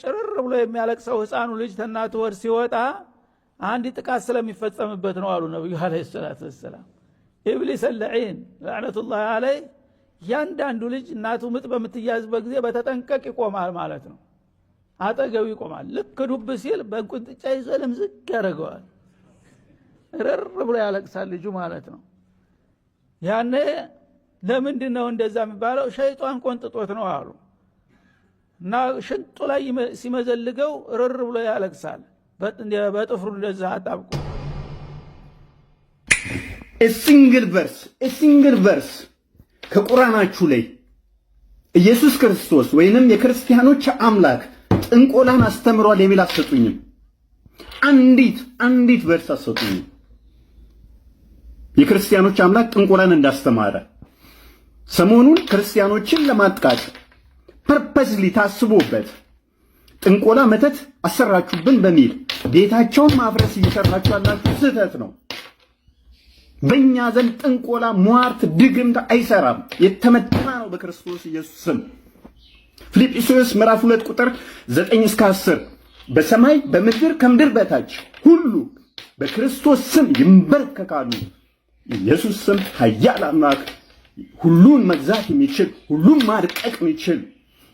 ጭርር ብሎ የሚያለቅሰው ህፃኑ ልጅ ተናቱ ወር ሲወጣ አንድ ጥቃት ስለሚፈጸምበት ነው አሉ ነቢዩ አለ ሰላት ወሰላም። ኢብሊስ ለዒን ለዕነቱላህ አለይ እያንዳንዱ ልጅ እናቱ ምጥ በምትያዝበት ጊዜ በተጠንቀቅ ይቆማል ማለት ነው። አጠገቡ ይቆማል። ልክ ዱብ ሲል በእንቁንጥጫ ይዞ ልምዝግ ያደርገዋል። እርር ብሎ ያለቅሳል ልጁ ማለት ነው። ያኔ ለምንድን ነው እንደዛ የሚባለው? ሸይጧን ቆንጥጦት ነው አሉ እና ሽንጡ ላይ ሲመዘልገው ርር ብሎ ያለቅሳል። በጥፍሩ እንደዛ አጣብቆ ሲንግል ቨርስ ሲንግል ቨርስ ከቁራናችሁ ላይ ኢየሱስ ክርስቶስ ወይንም የክርስቲያኖች አምላክ ጥንቆላን አስተምሯል የሚል አሰጡኝም። አንዲት አንዲት ቨርስ አሰጡኝም። የክርስቲያኖች አምላክ ጥንቆላን እንዳስተማረ ሰሞኑን ክርስቲያኖችን ለማጥቃት ፐርፐስሊ ታስቦበት ጥንቆላ፣ መተት አሰራችሁብን በሚል ቤታቸውን ማፍረስ እየሰራችሁ ያላችሁ ስህተት ነው። በእኛ ዘንድ ጥንቆላ፣ ሟርት፣ ድግምት አይሰራም። የተመታ ነው በክርስቶስ ኢየሱስ ስም። ፊልጵስዩስ ምዕራፍ 2 ቁጥር 9 እስከ 10 በሰማይ በምድር ከምድር በታች ሁሉ በክርስቶስ ስም ይንበርከካሉ። ኢየሱስ ስም ኃያል አምላክ ሁሉን መግዛት የሚችል ሁሉን ማድቀቅ የሚችል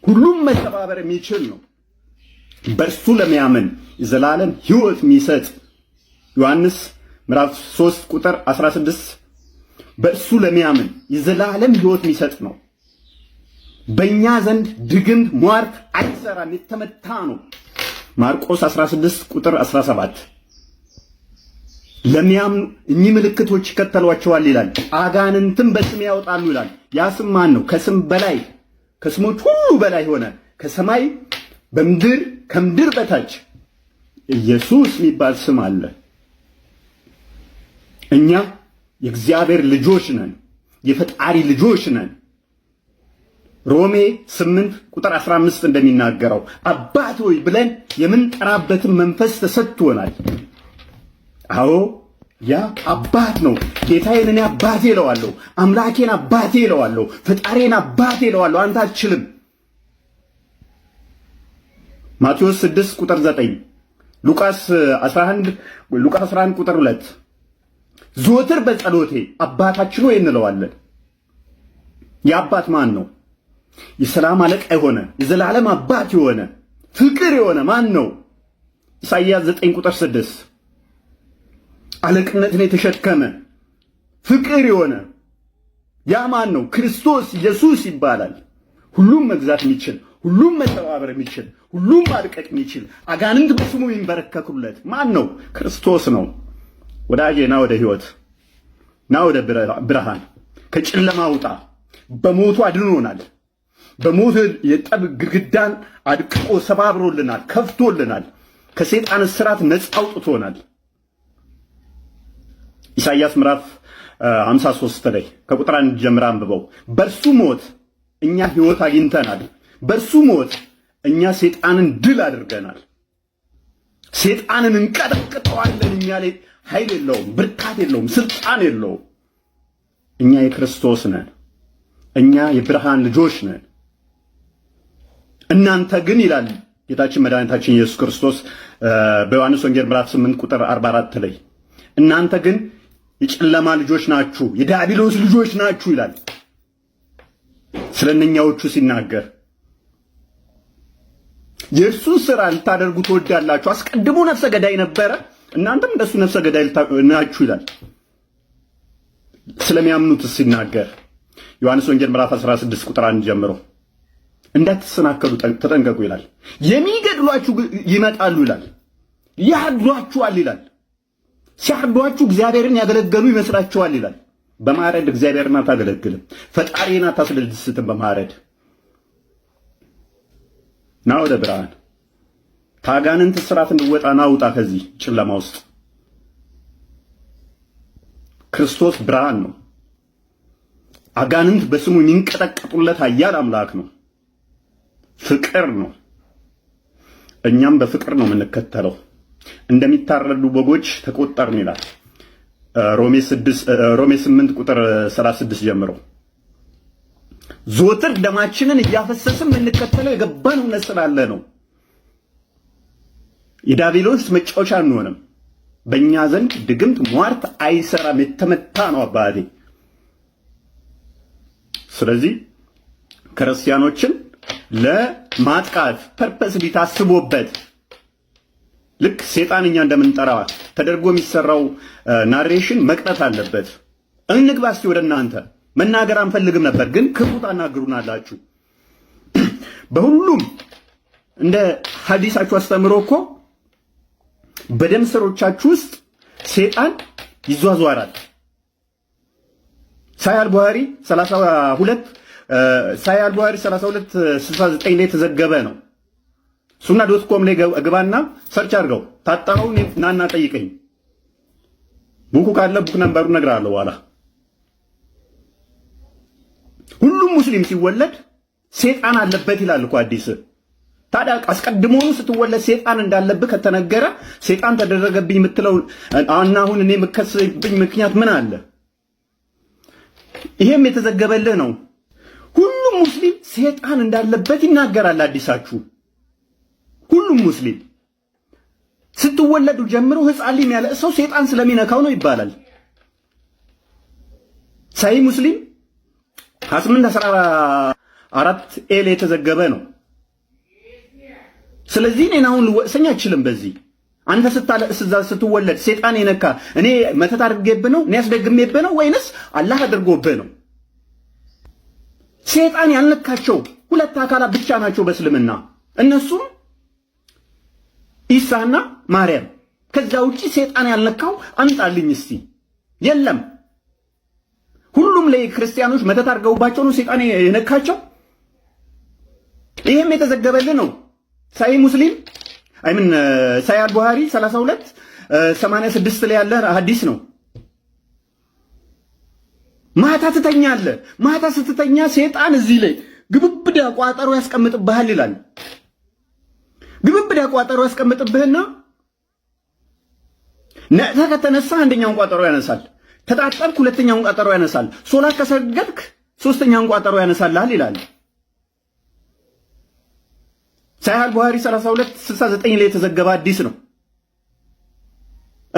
ሁሉም መተባበር የሚችል ነው። በእርሱ ለሚያምን የዘላለም ሕይወት የሚሰጥ ዮሐንስ ምዕራፍ 3 ቁጥር 16 በእሱ ለሚያምን የዘላለም ሕይወት የሚሰጥ ነው። በእኛ ዘንድ ድግምት ሟርት አይሰራም፣ የተመታ ነው። ማርቆስ 16 ቁጥር 17 ለሚያምኑ እኚህ ምልክቶች ይከተሏቸዋል ይላል። አጋንንትም በስም ያወጣሉ ይላል። ያ ስም ማን ነው? ከስም በላይ ከስሞች ሁሉ በላይ ሆነ። ከሰማይ በምድር ከምድር በታች ኢየሱስ የሚባል ስም አለ። እኛ የእግዚአብሔር ልጆች ነን፣ የፈጣሪ ልጆች ነን። ሮሜ 8 ቁጥር 15 እንደሚናገረው አባት ሆይ ብለን የምንጠራበትን መንፈስ ተሰጥቶናል። አዎ ያ አባት ነው። ጌታዬን እኔ አባቴ እለዋለሁ፣ አምላኬን አባቴ እለዋለሁ፣ ፈጣሪን አባቴ እለዋለሁ። አንተ አትችልም። ማቴዎስ 6 ቁጥር 9፣ ሉቃስ 11 ሉቃስ 11 ቁጥር 2 ዞትር በጸሎቴ አባታችን ሆይ እንለዋለን። የአባት ማን ነው? የሰላም አለቃ የሆነ የዘላለም አባት የሆነ ፍቅር የሆነ ማን ነው? ኢሳይያስ 9 ቁጥር 6 አለቅነትን የተሸከመ ፍቅር የሆነ ያ ማን ነው? ክርስቶስ ኢየሱስ ይባላል። ሁሉም መግዛት የሚችል ሁሉም መተባበር የሚችል ሁሉም ማድቀቅ የሚችል አጋንንት በስሙ የሚንበረከኩለት ማን ነው? ክርስቶስ ነው። ወዳጄ ና ወደ ህይወት ና ወደ ብርሃን፣ ከጨለማ ውጣ። በሞቱ አድኖናል። በሞት የጠብ ግድግዳን አድቅቆ ሰባብሮልናል፣ ከፍቶልናል፣ ከሴጣን እስራት ነፃ አውጥቶናል። ኢሳይያስ ምዕራፍ 53 ላይ ከቁጥር አንድ ጀምራ አንብበው። በእርሱ ሞት እኛ ህይወት አግኝተናል። በእርሱ ሞት እኛ ሴጣንን ድል አድርገናል። ሴጣንን እንቀጠቅጠዋለን። እኛ ላይ ኃይል የለውም፣ ብርታት የለውም፣ ስልጣን የለውም። እኛ የክርስቶስ ነን። እኛ የብርሃን ልጆች ነን። እናንተ ግን ይላል ጌታችን መድኃኒታችን ኢየሱስ ክርስቶስ በዮሐንስ ወንጌል ምዕራፍ 8 ቁጥር 44 ላይ እናንተ ግን የጨለማ ልጆች ናችሁ፣ የዲያብሎስ ልጆች ናችሁ ይላል ስለነኛዎቹ ሲናገር የእርሱን ስራ ልታደርጉ ትወዳላችሁ። አስቀድሞ ነፍሰ ገዳይ ነበረ፣ እናንተም እንደሱ ነፍሰ ገዳይ ናችሁ ይላል። ስለሚያምኑት ሲናገር ዮሐንስ ወንጌል ምዕራፍ 16 ቁጥር 1 ጀምሮ እንዳትሰናከሉ ተጠንቀቁ ይላል። የሚገድሏችሁ ይመጣሉ ይላል፣ ያድሏችኋል ይላል። ሲያህሏችሁ እግዚአብሔርን ያገለገሉ ይመስላችኋል ይላል። በማረድ እግዚአብሔርን አታገለግልም፣ ፈጣሪን አታስደስትም። በማረድ ና ወደ ብርሃን ታጋንንት ስራት እንድወጣ ናውጣ ከዚህ ጨለማ ውስጥ ክርስቶስ ብርሃን ነው። አጋንንት በስሙ የሚንቀጠቀጡለት ኃያል አምላክ ነው። ፍቅር ነው። እኛም በፍቅር ነው የምንከተለው። እንደሚታረዱ በጎች ተቆጠርን ይላል ሮሜ 8 ቁጥር 36 ጀምሮ ዞትር ደማችንን እያፈሰስን የምንከተለው የገባን እውነት ስላለ ነው። የዲያብሎስ መጫወቻ አንሆንም። በእኛ ዘንድ ድግምት ሟርት አይሰራም። የተመታ ነው አባቴ። ስለዚህ ክርስቲያኖችን ለማጥቃት ፐርፐስ ቢታስቦበት ልክ ሴጣን እኛ እንደምንጠራ ተደርጎ የሚሰራው ናሬሽን መቅጠት አለበት። እንግባ እስኪ ወደ እናንተ። መናገር አንፈልግም ነበር፣ ግን ክፉ ታናግሩናላችሁ። በሁሉም እንደ ሀዲሳችሁ አስተምሮ እኮ በደም ስሮቻችሁ ውስጥ ሴጣን ይዟዟራል። ሳያል ቡሃሪ 32 ሳያል ቡሃሪ 32 69 ላይ የተዘገበ ነው። ሱና ዶት ኮም ላይ ግባና ሰርች አድርገው ታጣኸው ናና ጠይቀኝ። ቡኩ ካለ ቡክ ነምበሩ እነግርሃለሁ። በኋላ ሁሉም ሙስሊም ሲወለድ ሴጣን አለበት ይላል እኮ አዲስ። ታዲያ አስቀድሞውኑ ስትወለድ ሴጣን እንዳለብህ ከተነገረ ሴጣን ተደረገብኝ የምትለው እና አሁን እኔ የምከስብኝ ምክንያት ምን አለ? ይሄም የተዘገበልህ ነው። ሁሉም ሙስሊም ሴጣን እንዳለበት ይናገራል አዲሳችሁ ሁሉም ሙስሊም ስትወለዱ ጀምሮ ህፃን ሊም ያለ ሰው ሴጣን ስለሚነካው ነው ይባላል። ሳይ ሙስሊም 2814 ኤል የተዘገበ ነው። ስለዚህ እኔን አሁን ልወቅሰኝ አይችልም። በዚህ አንተ ስታለቅስ እዛ ስትወለድ ሴጣን የነካ እኔ መተት አድርጌብህ ነው እኔ አስደግሜብህ ነው ወይንስ አላህ አድርጎብህ ነው? ሴጣን ያልነካቸው ሁለት አካላት ብቻ ናቸው በእስልምና እነሱም ኢሳና ማርያም። ከዛ ውጪ ሴጣን ያልነካው አምጣልኝ እስቲ የለም። ሁሉም ላይ ክርስቲያኖች መተት አድርገውባቸው ነው ሴጣን የነካቸው። ይህም የተዘገበልን ነው። ሳይ ሙስሊም አይምን ሳይ አልቡሃሪ 32 86 ላይ ያለ ሐዲስ ነው። ማታ ትተኛለህ። ማታ ስትተኛ ሴጣን እዚህ ላይ ግብብዳ ቋጠሮ ያስቀምጥብሃል ይላል። ወዲያ ቋጠሮ ያስቀምጥብህና ነቅተህ ከተነሳህ አንደኛውን ቋጠሮ ያነሳል። ተጣጠብክ፣ ሁለተኛውን ቋጠሮ ያነሳል። ሶላት ከሰገድክ ሶስተኛውን ቋጠሮ ያነሳልሃል ይላል። ሳይሃል ቡሃሪ 3269 ላይ የተዘገበ አዲስ ነው።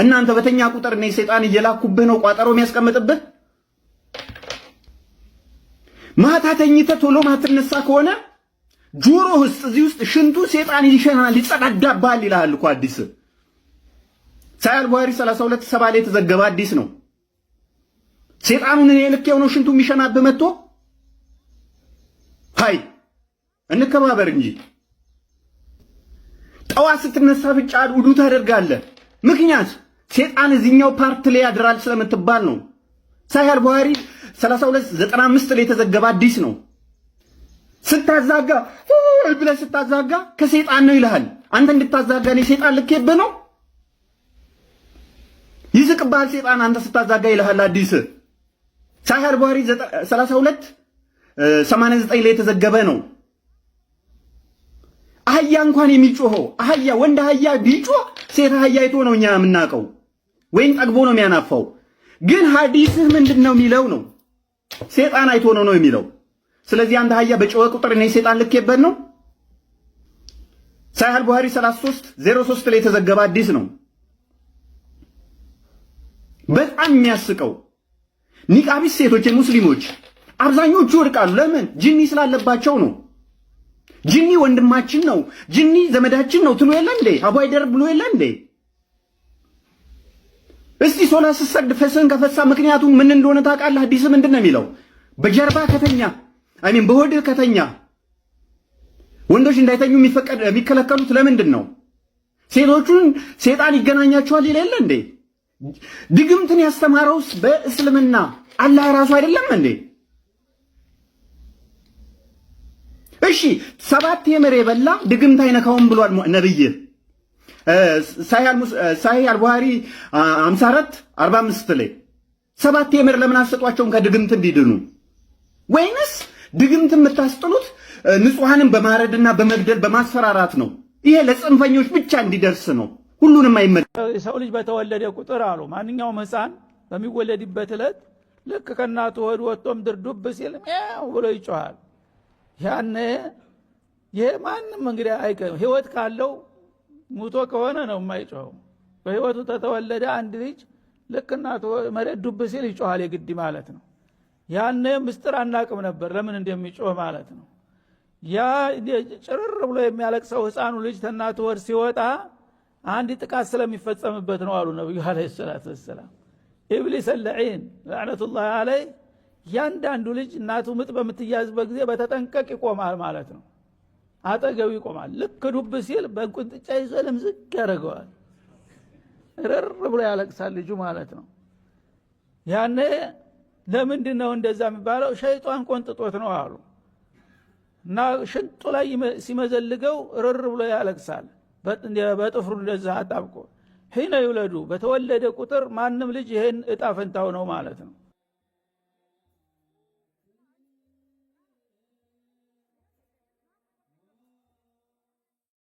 እናንተ በተኛ ቁጥር እኔ ሰይጣን እየላኩብህ ነው ቋጠሮ የሚያስቀምጥብህ። ማታ ተኝተህ ቶሎ ማትነሳ ከሆነ ጆሮ ውስጥ እዚህ ውስጥ ሽንቱ ሴጣን ይሸናል ይጸዳዳባል ይልሃል እኮ አዲስ ሳያል ቡሃሪ 32 ሰባ ላይ የተዘገበ አዲስ ነው። ሴጣኑን እኔ ልክ የሆነው ሽንቱ የሚሸናብህ መጥቶ ሀይ እንከባበር እንጂ ጠዋት ስትነሳ ብቻ ውዱ ታደርጋለህ። ምክንያት ሴጣን እዚህኛው ፓርት ላይ ያድራል ስለምትባል ነው። ሳያል ቡሃሪ 32 95 ላይ የተዘገበ አዲስ ነው። ስታዛጋ ብለ ስታዛጋ ከሴጣን ነው ይልሃል። አንተ እንድታዛጋ እኔ ሴጣን ልኬብህ ነው ይስቅብሃል። ሴጣን አንተ ስታዛጋ ይልሃል። አዲስ ሳሂህ አል 32 89 ላይ የተዘገበ ነው። አህያ እንኳን የሚጮኸው አህያ ወንድ አህያ ቢጮህ ሴት አህያ አይቶ ነው እኛ የምናውቀው፣ ወይም ጠግቦ ነው የሚያናፋው። ግን ሀዲስህ ምንድን ነው የሚለው ነው ሴጣን አይቶ ነው ነው የሚለው ስለዚህ አንድ አህያ በጨወ ቁጥር እኔ ሰይጣን ልኬበት ነው። ሳሂህ አልቡኻሪ 33 03 ላይ የተዘገበ አዲስ ነው። በጣም የሚያስቀው ኒቃቢስ ሴቶች ሙስሊሞች አብዛኞቹ ይወድቃሉ። ለምን? ጅኒ ስላለባቸው ነው። ጅኒ ወንድማችን ነው፣ ጅኒ ዘመዳችን ነው ትሉ የለ እንዴ? አቧይደር ብሎ የለ እንዴ? እስቲ ሶላት ስትሰግድ ፈስህን ከፈሳ ምክንያቱም ምን እንደሆነ ታውቃለህ? አዲስ ምንድን ነው የሚለው? በጀርባ ከተኛ አይሚን በሆድህ ከተኛ ወንዶች እንዳይተኙ የሚከለከሉት ለምንድን ነው? ሴቶቹን ሴጣን ይገናኛቸዋል ይላል እንዴ? ድግምትን ያስተማረውስ በእስልምና አላህ ራሱ አይደለም እንዴ? እሺ ሰባት የምር የበላ ድግምት አይነካውም ብሏል ነብይ ሳሂህ አልቡሃሪ 54 45 ላይ ሰባት የምር ለምን አሰጧቸውም ከድግምት እንዲድኑ ወይንስ ድግምት የምታስጥሉት ንጹሐንን በማረድና በመግደል በማስፈራራት ነው። ይሄ ለጽንፈኞች ብቻ እንዲደርስ ነው። ሁሉንም አይመ ልጅ በተወለደ ቁጥር አሉ ማንኛውም ህፃን በሚወለድበት ዕለት ልክ ከእናቱ ሆድ ወጥቶም ድርዱብ ሲል ያው ብሎ ይጮኋል። ያነ ይሄ ማንም እንግዲህ አይቀ ህይወት ካለው ሙቶ ከሆነ ነው የማይጮኸው። በህይወቱ ተተወለደ አንድ ልጅ ልክ እናቱ መሬት ዱብ ሲል ይጮኋል የግድ ማለት ነው። ያነ ምስጢር አናቅም ነበር ለምን እንደሚጮህ ማለት ነው ያ ጭርር ብሎ የሚያለቅሰው ህፃኑ ልጅ ተናት ወር ሲወጣ አንድ ጥቃት ስለሚፈጸምበት ነው አሉ ነቢዩ አለ ሰላት ወሰላም ኢብሊስ ለዒን ላዕነቱላህ አለይ ያንዳንዱ ልጅ እናቱ ምጥ በምትያዝበት ጊዜ በተጠንቀቅ ይቆማል ማለት ነው አጠገቡ ይቆማል ልክ ዱብ ሲል በቁንጥጫ ይዞ ለምዝግ ያደርገዋል ርር ብሎ ያለቅሳል ልጁ ማለት ነው ያኔ ለምንድን ነው እንደዛ የሚባለው? ሸይጣን ቆንጥጦት ነው አሉ እና ሽንጡ ላይ ሲመዘልገው ርር ብሎ ያለቅሳል። በጥፍሩ እንደዛ አጣብቆ ሒነ ይውለዱ በተወለደ ቁጥር ማንም ልጅ ይሄን እጣ ፈንታው ነው ማለት ነው።